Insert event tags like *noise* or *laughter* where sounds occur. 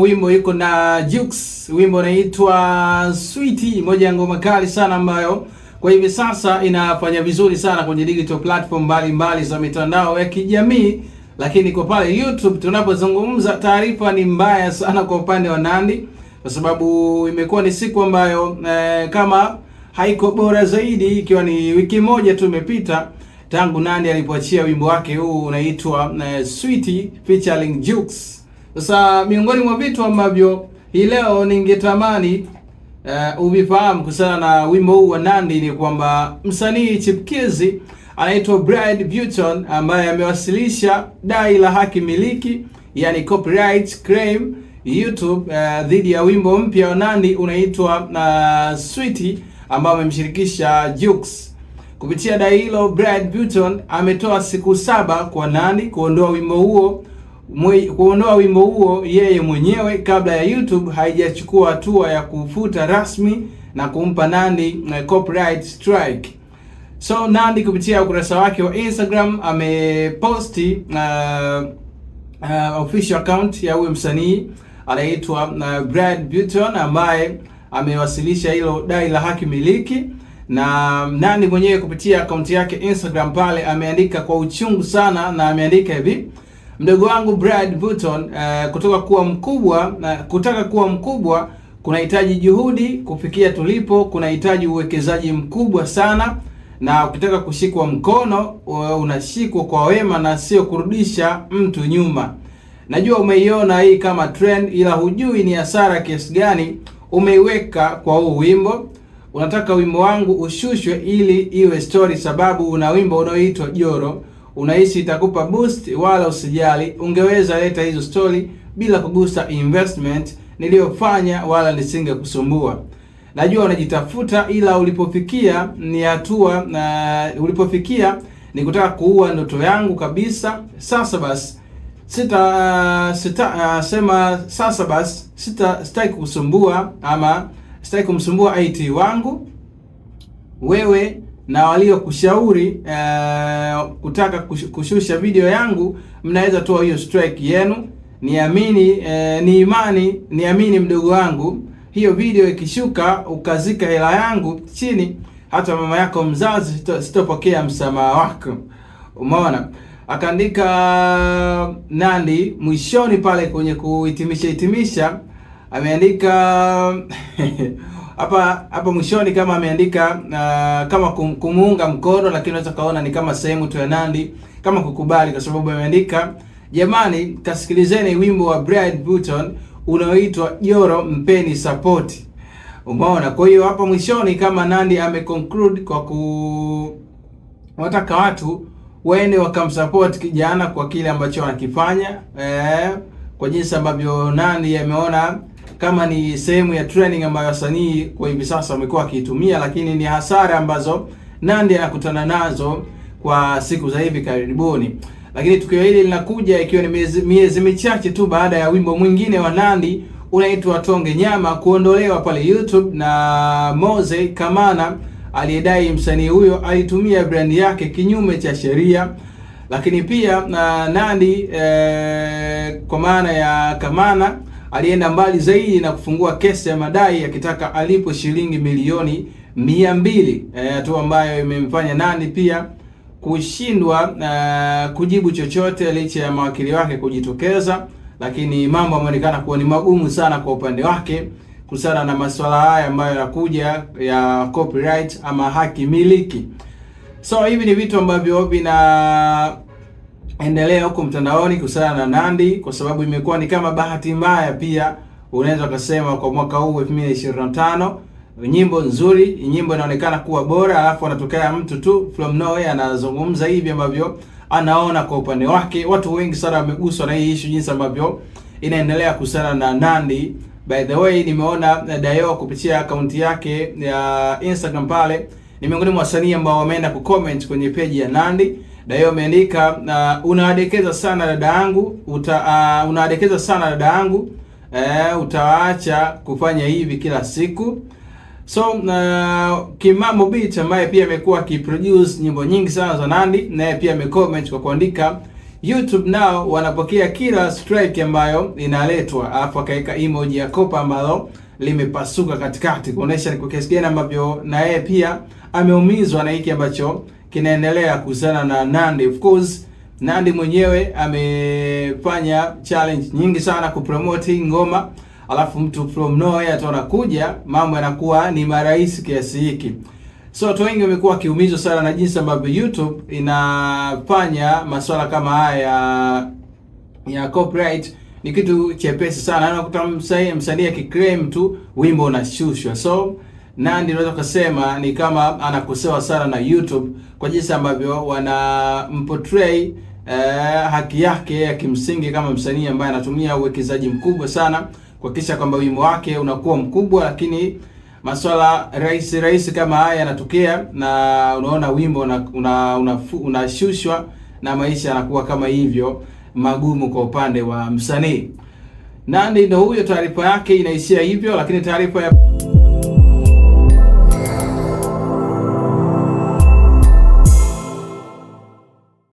wimbo iko na Jux, wimbo unaitwa Sweetie, moja ya ngoma kali sana ambayo kwa hivi sasa inafanya vizuri sana kwenye digital platform mbalimbali za mitandao ya kijamii, lakini kwa pale YouTube tunapozungumza, taarifa ni mbaya sana kwa upande wa Nandy, kwa sababu imekuwa ni siku ambayo eh, kama haiko bora zaidi, ikiwa ni wiki moja tu imepita tangu Nandy alipoachia wimbo wake huu unaitwa eh, Sweetie featuring Jux. Sasa miongoni mwa vitu ambavyo hii leo ningetamani uh, uvifahamu kuhusiana na wimbo huu wa Nandy ni kwamba msanii chipkizi anaitwa Brian Buton ambaye amewasilisha dai la haki miliki yani copyright claim YouTube uh, dhidi ya wimbo mpya wa Nandy unaitwa uh, Sweetie ambao amemshirikisha Jux. Kupitia dai hilo, Brian Buton ametoa siku saba kwa Nandy kuondoa wimbo huo kuondoa wimbo huo yeye mwenyewe kabla ya YouTube haijachukua hatua ya kufuta rasmi na kumpa Nandy eh, copyright strike. So Nandy kupitia ukurasa wake wa Instagram ameposti uh, uh, official account ya huyo msanii anaitwa uh, Brad Buton ambaye amewasilisha hilo dai la haki miliki, na Nandy mwenyewe kupitia akaunti yake Instagram pale ameandika kwa uchungu sana, na ameandika hivi mdogo wangu Brad Button uh, kutoka kuwa mkubwa uh, kutaka kuwa mkubwa kunahitaji juhudi. Kufikia tulipo kunahitaji uwekezaji mkubwa sana, na ukitaka kushikwa mkono unashikwa kwa wema na sio kurudisha mtu nyuma. Najua umeiona hii kama trend, ila hujui ni hasara kiasi gani umeiweka kwa huu wimbo. Unataka wimbo wangu ushushwe ili iwe story, sababu una wimbo unaoitwa Joro unahisi itakupa boost, wala usijali, ungeweza leta hizo story bila kugusa investment niliyofanya, wala nisingekusumbua. Najua unajitafuta, ila ulipofikia ni hatua na ulipofikia ni kutaka kuua ndoto yangu kabisa. Sasa basi sita, sita, uh, sema sasa basi sita sitaki kusumbua ama sitaki kumsumbua IT wangu wewe na waliokushauri eh, kutaka kushusha video yangu, mnaweza toa hiyo strike yenu. Niamini eh, ni imani, niamini mdogo wangu, hiyo video ikishuka ukazika hela yangu chini, hata mama yako mzazi sitopokea msamaha wako. Umeona, akaandika Nandy mwishoni pale kwenye kuhitimisha hitimisha, ameandika *laughs* hapa hapa mwishoni kama ameandika uh, kama kumuunga mkono, lakini unaweza kaona ni kama sehemu tu ya Nandy kama kukubali, kwa sababu ameandika jamani, kasikilizeni wimbo wa Brian Button unaoitwa Joro, mpeni support. Umeona? Kwa hiyo hapa mwishoni kama Nandy conclude kwa wataka watu waende wakamsupport kijana kwa kile ambacho anakifanya, eh, kwa jinsi ambavyo Nandy ameona kama ni sehemu ya training ambayo wasanii kwa hivi sasa wamekuwa wakiitumia, lakini ni hasara ambazo Nandy anakutana nazo kwa siku za hivi karibuni. Lakini tukio hili linakuja ikiwa ni miezi michache tu baada ya wimbo mwingine wa Nandy unaitwa Tonge Nyama kuondolewa pale YouTube na Moze Kamana aliyedai msanii huyo alitumia brand yake kinyume cha sheria. Lakini pia na Nandy eh, kwa maana ya Kamana alienda mbali zaidi na kufungua kesi ya madai akitaka alipo shilingi milioni mia mbili, e, hatua e, ambayo imemfanya Nani pia kushindwa uh, kujibu chochote licha ya mawakili wake kujitokeza, lakini mambo yameonekana kuwa ni magumu sana kwa upande wake kuhusiana na masuala haya ambayo yanakuja ya copyright ama haki miliki. So hivi ni vitu ambavyo vina endelea huko mtandaoni kuhusiana na Nandy, kwa sababu imekuwa ni kama bahati mbaya pia, unaweza ukasema kwa mwaka huu 2025 nyimbo nzuri, nyimbo inaonekana kuwa bora, alafu anatokea mtu tu from nowhere anazungumza hivi ambavyo anaona kwa upande wake. Watu wengi sana wameguswa na hii issue jinsi ambavyo inaendelea kuhusiana na Nandy. By the way, nimeona Dayo kupitia akaunti yake ya Instagram pale ni miongoni mwa wasanii ambao wameenda kucomment kwenye peji ya Nandy na hiyo ameandika uh, unawadekeza sana dada yangu uta, uh, unawadekeza sana dada yangu uh, utawaacha kufanya hivi kila siku. So uh, Kimamo Beat ambaye pia amekuwa akiproduce nyimbo nyingi sana za Nandy, naye pia amecomment kwa kuandika YouTube nao wanapokea kila strike ambayo inaletwa, alafu akaweka emoji ya kopa ambalo limepasuka katikati kuonesha ni kwa kiasi gani ambavyo na yeye pia ameumizwa na hiki ambacho kinaendelea kuhusiana na Nandi. Of course Nandi mwenyewe amefanya challenge nyingi sana kupromote ngoma, alafu mtu from nowhere tu anakuja, mambo yanakuwa ni marahisi kiasi hiki. So watu wengi wamekuwa wakiumizwa sana na jinsi ambavyo YouTube inafanya masuala kama haya ya ya copyright ni kitu chepesi sana, anakuta msanii msanii akiclaim tu wimbo unashushwa so Nandy unaweza mm. kusema ni kama anakosewa sana na YouTube kwa jinsi ambavyo wanamportray eh, haki yake ya kimsingi kama msanii ambaye anatumia uwekezaji mkubwa sana kuhakikisha kwamba wimbo wake unakuwa mkubwa, lakini masuala rahisi rahisi kama haya yanatokea, na unaona wimbo unashushwa una, una, una na maisha yanakuwa kama hivyo magumu kwa upande wa msanii Nandy. Ndio huyo, taarifa yake inaishia hivyo, lakini taarifa ya